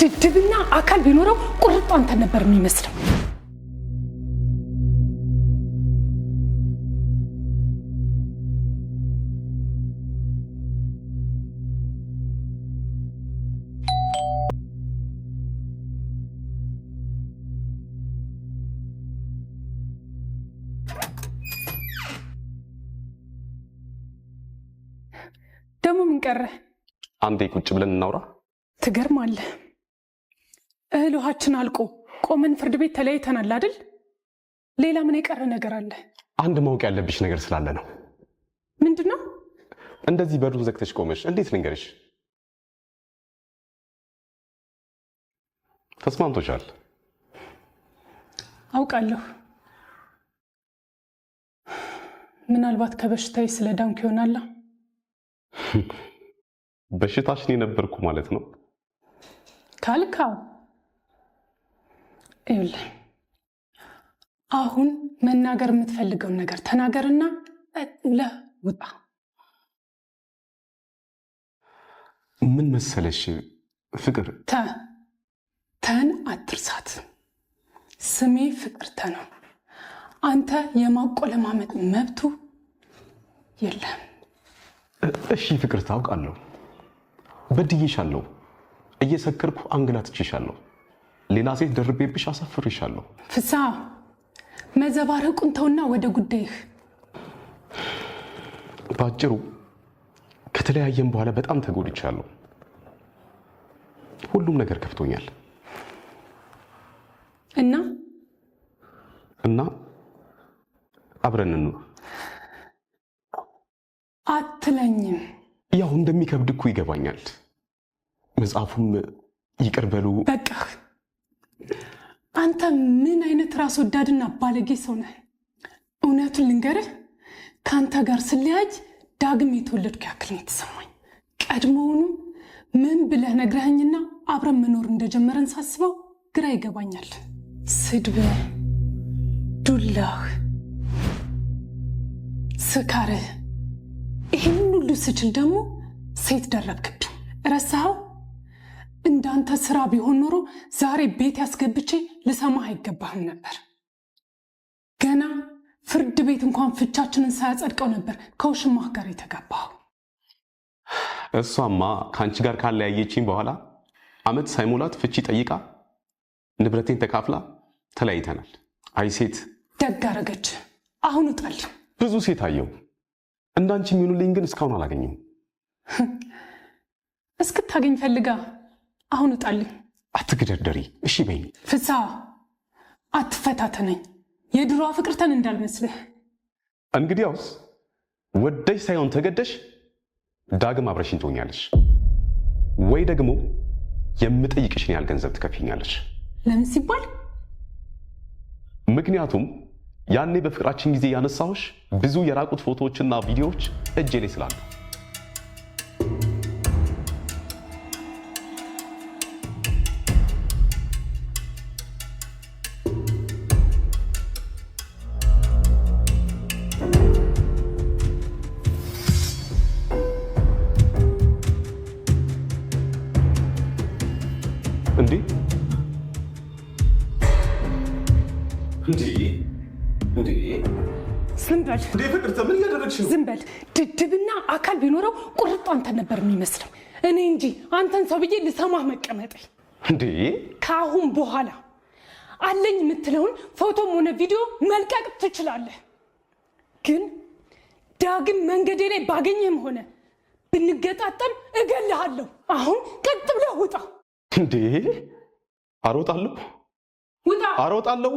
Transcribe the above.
ድድብና አካል ቢኖረው ቁርጡ አንተ ነበር የሚመስለው። ደግሞ ምን ቀረ? ቁጭ ብለን እናውራ። ትገርማለህ። እህል ውሃችን አልቆ ቆመን ፍርድ ቤት ተለያይተናል አይደል? ሌላ ምን የቀረ ነገር አለ? አንድ ማወቅ ያለብሽ ነገር ስላለ ነው። ምንድን ነው? እንደዚህ በሩን ዘግተሽ ቆመሽ እንዴት ልንገርሽ? ተስማምቶሻል? አውቃለሁ። ምናልባት ከበሽታዬ ስለ ዳንክ ይሆናላ። በሽታሽን የነበርኩ ማለት ነው ካልካው ይኸውልህ አሁን መናገር የምትፈልገውን ነገር ተናገርና ለ ውጣ። ምን መሰለሽ ፍቅር ተ ተን አትርሳት። ስሜ ፍቅርተ ነው። አንተ የማቆለማመጥ መብቱ የለም። እሺ ፍቅር፣ ታውቃለሁ፣ በድዬሻለሁ፣ እየሰከርኩ አንገላትቼሻለሁ ሌላ ሴት ደርቤብሽ አሳፍሬሻለሁ። ፍሳ መዘባረቁን ተውና ወደ ጉዳይህ። በአጭሩ ከተለያየም በኋላ በጣም ተጎድቻለሁ። ሁሉም ነገር ከፍቶኛል እና እና አብረን እንኑር አትለኝም። ያው እንደሚከብድ እኮ ይገባኛል። መጽሐፉም ይቅር በሉ በቃ ምን አይነት ራስ ወዳድና ባለጌ ሰው ነህ? እውነቱን ልንገርህ፣ ከአንተ ጋር ስለያጅ ዳግም የተወለድኩ ያክል ነው የተሰማኝ። ቀድሞውኑ ምን ብለህ ነግረኸኝና አብረን መኖር እንደጀመረን ሳስበው ግራ ይገባኛል። ስድብ፣ ዱላህ፣ ስካርህ፣ ይህን ሁሉ ስችል ደግሞ ሴት ደረብክብኝ። ረሳኸው? እንዳንተ ስራ ቢሆን ኖሮ ዛሬ ቤት ያስገብቼ ልሰማህ አይገባህም ነበር። ገና ፍርድ ቤት እንኳን ፍቻችንን ሳያጸድቀው ነበር ከውሽማህ ጋር የተጋባኸው። እሷማ ከአንቺ ጋር ካለያየችኝ በኋላ አመት ሳይሞላት ፍቺ ጠይቃ ንብረቴን ተካፍላ ተለያይተናል። አይ ሴት ደግ አረገች። አሁን ጣል ብዙ ሴት አየው፣ እንዳንቺ የሚሆኑልኝ ግን እስካሁን አላገኝም። እስክታገኝ ፈልጋ አሁን እጣልኝ። አትግደርደሪ፣ እሺ በይ። ፍሳ አትፈታተነኝ። የድሮዋ ፍቅርተን እንዳልመስልህ። እንግዲያውስ ወደሽ ሳይሆን ተገደሽ ዳግም አብረሽኝ ትሆኛለሽ፣ ወይ ደግሞ የምጠይቅሽን ያህል ገንዘብ ትከፍኛለሽ። ለምን ሲባል? ምክንያቱም ያኔ በፍቅራችን ጊዜ ያነሳሁሽ ብዙ የራቁት ፎቶዎችና ቪዲዮዎች እጄ ላይ ስላሉ እንዴ እንዴ እንዴ ፍቅርተ ምን እያደረግሽ ነው? ዝም ድድብና አካል ቢኖረው ቁርጥ አንተን ነበር የሚመስለው። እኔ እንጂ አንተን ሰው ብዬ ልሰማህ መቀመጤ። እንዴ ከአሁን በኋላ አለኝ የምትለውን ፎቶም ሆነ ቪዲዮ መልቀቅ ትችላለህ። ግን ዳግም መንገዴ ላይ ባገኘህም ሆነ ብንገጣጠም እገልሃለሁ። አሁን ቀጥ ብለህ ውጣ። እንዴ! አሮጣለሁ አሮጣለሁ